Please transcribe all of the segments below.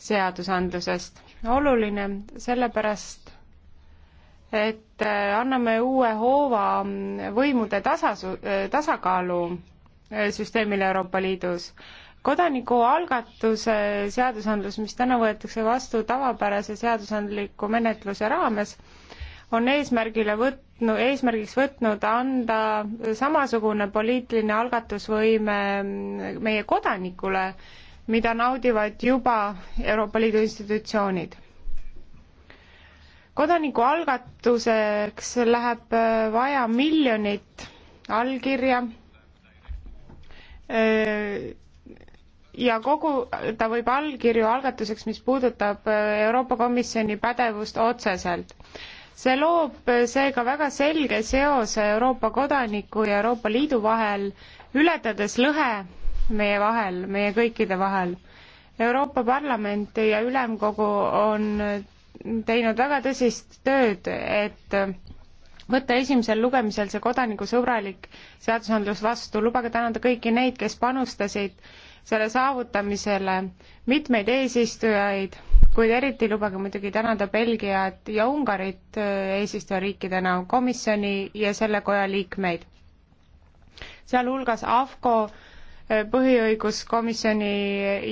seadusandlusest. oluline sellepärast, et äh, anname uue hoova võimude tasasu, äh, tasakaalu äh, süsteemile Euroopa Liidus. kodanikualgatuse seadusandlus, mis täna võetakse vastu tavapärase seadusandliku menetluse raames, on eesmärgile võtnud, eesmärgiks võtnud anda samasugune poliitiline algatusvõime mm, meie kodanikule, mida naudivad juba Euroopa Liidu institutsioonid. kodanikualgatuseks läheb vaja miljonit allkirja ja kogu, ta võib allkirju algatuseks, mis puudutab Euroopa Komisjoni pädevust otseselt. see loob seega väga selge seose Euroopa kodaniku ja Euroopa Liidu vahel, ületades lõhe meie vahel, meie kõikide vahel. Euroopa Parlament ja Ülemkogu on teinud väga tõsist tööd, et võtta esimesel lugemisel see kodanikусõbralik seadusandlus vastu, lubage tänada kõiki neid, kes panustasid selle saavutamisele, mitmeid eesistujaid, kuid eriti lubage muidugi tänada Belgiat ja Ungarit äh, eesistujariikidena, komisjoni ja selle koja liikmeid. sealhulgas AFCO põhiõiguskomisjoni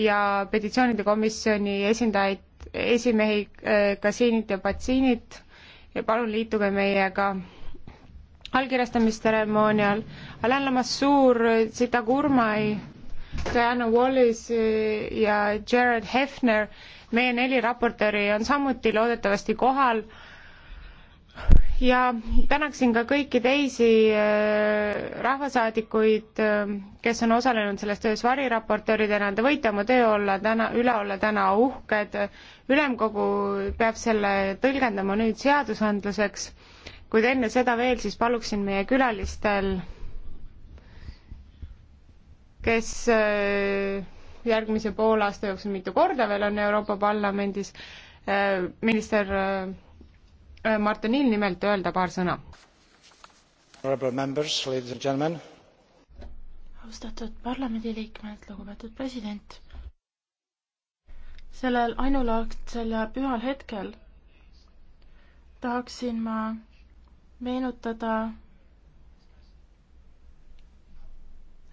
ja petitsioonide komisjoni esindajaid, esimehi äh, Kasiinit ja Patsiinit ja palun liituge meiega allkirjastamisteremoonial. Alain Lamassoor, Zita Gurmai, Diana Wallis äh, ja Jared Hefner, meie neli raportööri on samuti loodetavasti kohal ja tänaksin ka kõiki teisi äh, rahvasaadikuid, äh, kes on osalenud selles töös variraportööridena, te võite oma töö olla täna, üle olla täna uhked, ülemkogu peab selle tõlgendama nüüd seadusandluseks, kuid enne seda veel siis paluksin meie külalistel, kes äh, järgmise poolaasta jooksul mitu korda veel on Euroopa Parlamendis, minister Äh, Martinil nimelt öelda paar sõna. austatud parlamendiliikmed, lugupeetud president. sellel ainulaadsel ja pühal hetkel tahaksin ma meenutada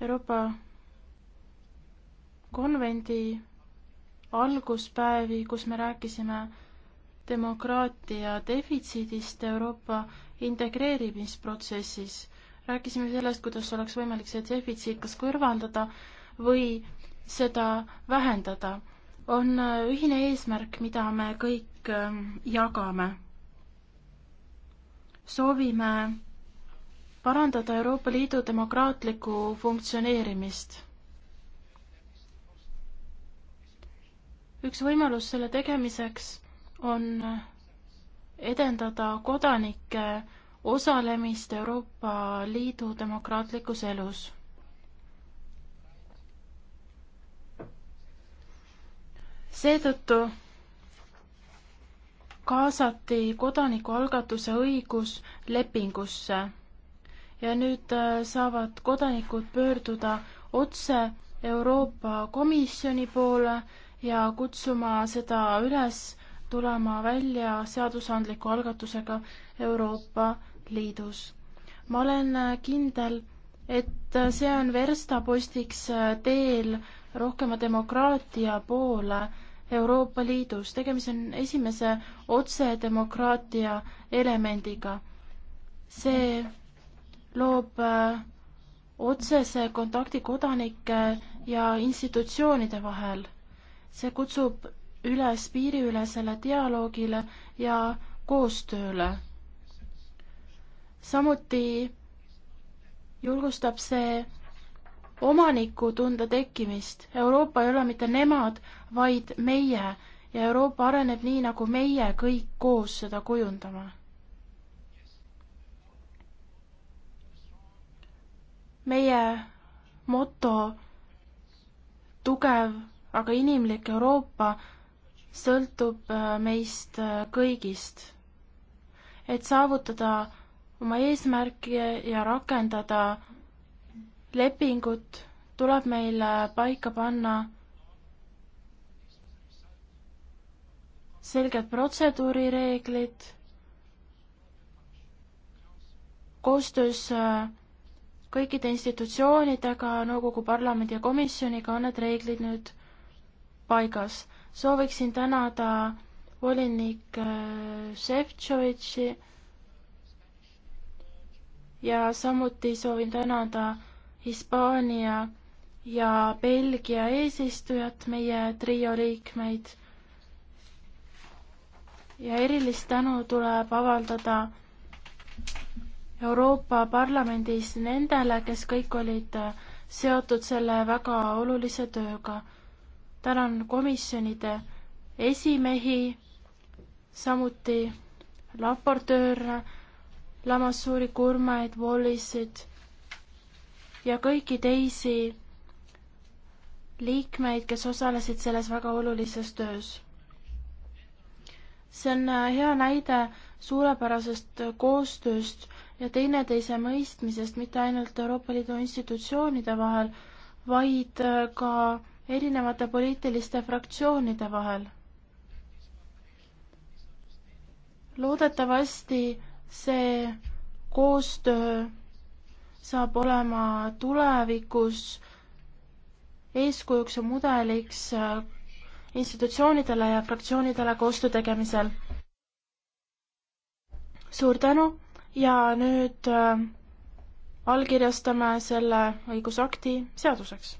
Euroopa konvendi alguspäevi, kus me rääkisime demokraatia defitsiidist Euroopa integreerimisprotsessis. rääkisime sellest, kuidas oleks võimalik see defitsiit kas kõrvaldada või seda vähendada. on äh, ühine eesmärk, mida me kõik ähm, jagame. soovime parandada Euroopa Liidu demokraatlikku funktsioneerimist üks võimalus selle tegemiseks on edendada kodanike osalemist Euroopa Liidu demokraatlikus elus. seetõttu kaasati kodanikualgatuse õigus lepingusse ja nüüd äh, saavad kodanikud pöörduda otse Euroopa Komisjoni poole ja kutsuma seda üles tulema välja seadusandliku algatusega Euroopa Liidus. ma olen kindel, et see on verstapostiks teel rohkema demokraatia poole Euroopa Liidus. tegemist on esimese otsedemokraatia elemendiga. see loob otsese kontakti kodanike ja institutsioonide vahel. see kutsub üles piiriülesele dialoogile ja koostööle. samuti julgustab see omanikutunde tekkimist. Euroopa ei ole mitte nemad, vaid meie ja Euroopa areneb nii, nagu meie kõik koos seda kujundame. meie moto tugev, aga inimlik Euroopa sõltub äh, meist äh, kõigist. et saavutada oma eesmärki ja rakendada lepingut, tuleb meil äh, paika panna selged protseduurireeglid koostöös kõikide institutsioonidega, nõukogu, parlamendi ja komisjoniga on need reeglid nüüd paigas sooviksin tänada volinik äh, Šefčovitši ja samuti soovin tänada Hispaania ja Belgia eesistujat, meie trio liikmeid. ja erilist tänu tuleb avaldada Euroopa Parlamendis nendele, kes kõik olid seotud selle väga olulise tööga tänan komisjonide esimehi, samuti raportööre, Lamassuuri kurmaid, Wallisid ja kõiki teisi liikmeid, kes osalesid selles väga olulises töös. see on äh, hea näide suurepärasest koostööst ja teineteise mõistmisest mitte ainult Euroopa Liidu institutsioonide vahel, vaid äh, ka erinevate poliitiliste fraktsioonide vahel. loodetavasti see koostöö saab olema tulevikus eeskujuks ja mudeliks institutsioonidele ja fraktsioonidele koostöö tegemisel. suur tänu ja nüüd äh, allkirjastame selle õigusakti seaduseks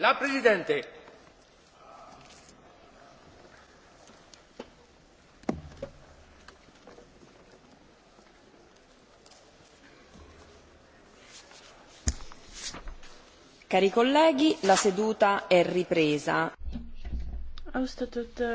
La Presidente. Cari colleghi, la seduta è ripresa. Austatud